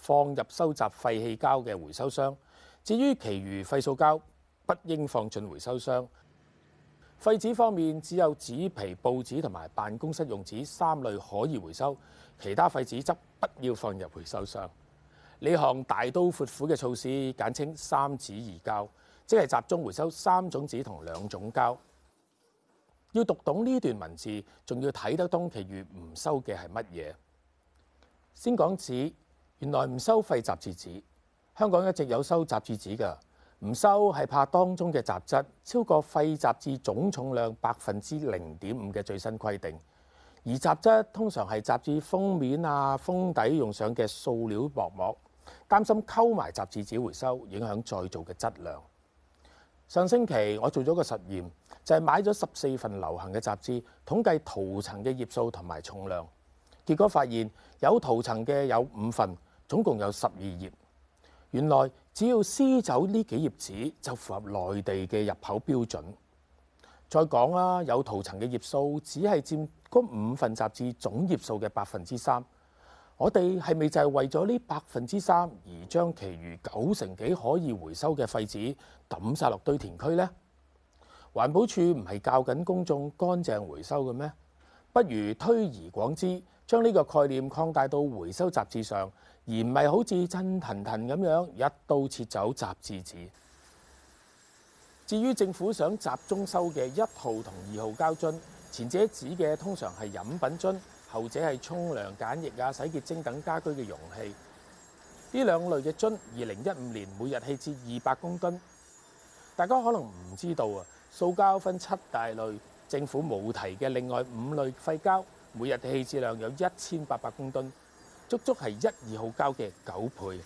放入收集廢棄膠嘅回收箱。至於其餘廢塑膠，不應放進回收箱。廢紙方面，只有紙皮、報紙同埋辦公室用紙三類可以回收，其他廢紙則不要放入回收箱。呢項大刀闊斧嘅措施，簡稱三紙二膠，即係集中回收三種紙同兩種膠。要讀懂呢段文字，仲要睇得通，其餘唔收嘅係乜嘢？先講紙。原來唔收廢雜誌紙，香港一直有收雜誌紙嘅。唔收係怕當中嘅雜質超過廢雜誌總重量百分之零點五嘅最新規定。而雜質通常係雜誌封面啊、封底用上嘅塑料薄膜，擔心溝埋雜誌紙回收影響再造嘅質量。上星期我做咗個實驗，就係、是、買咗十四份流行嘅雜誌，統計塗層嘅頁數同埋重量。結果發現有塗層嘅有五份。總共有十二頁，原來只要撕走呢幾頁紙就符合內地嘅入口標準。再講啦，有塗層嘅頁數只係佔嗰五份雜誌總頁數嘅百分之三。我哋係咪就係為咗呢百分之三而將其餘九成幾可以回收嘅廢紙抌晒落堆填區呢？環保署唔係教緊公眾乾淨回收嘅咩？不如推而廣之，將呢個概念擴大到回收雜誌上。而唔係好似真騰騰咁樣一刀切走雜誌紙。至於政府想集中收嘅一號同二號膠樽，前者指嘅通常係飲品樽，後者係沖涼梘液啊、洗潔精等家居嘅容器。呢兩類嘅樽，二零一五年每日棄置二百公噸。大家可能唔知道啊，塑膠分七大類，政府冇提嘅另外五類廢膠，每日棄置量有一千八百公噸。足足係一二號膠嘅九倍。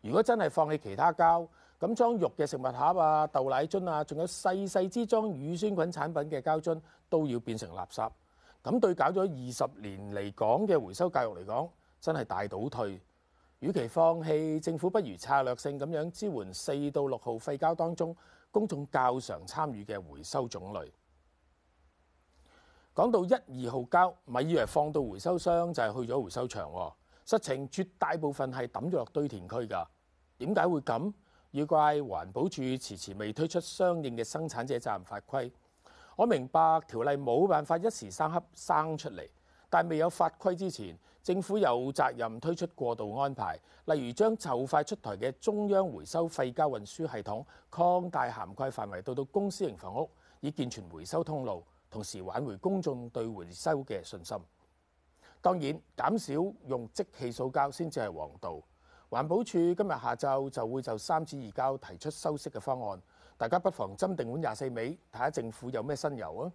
如果真係放棄其他膠，咁裝肉嘅食物盒啊、豆奶樽啊，仲有細細支裝乳酸菌產品嘅膠樽，都要變成垃圾。咁對搞咗二十年嚟講嘅回收教育嚟講，真係大倒退。與其放棄，政府不如策略性咁樣支援四到六號廢膠當中，公眾較常參與嘅回收種類。講到一二號膠，咪以為放到回收箱就係去咗回收場喎，哦？實情絕大部分係抌咗落堆填區㗎。點解會咁？要怪環保署遲遲未推出相應嘅生產者責任法規。我明白條例冇辦法一時三刻生出嚟，但未有法規之前，政府有責任推出過渡安排，例如將就快出台嘅中央回收廢膠運輸系統擴大涵蓋範圍，到到公私營房屋，以健全回收通路。同時挽回公眾對回收嘅信心。當然，減少用即棄塑膠先至係王道。環保署今日下晝就會就三紙二膠提出修飾嘅方案，大家不妨斟定碗廿四味睇下政府有咩新猷啊！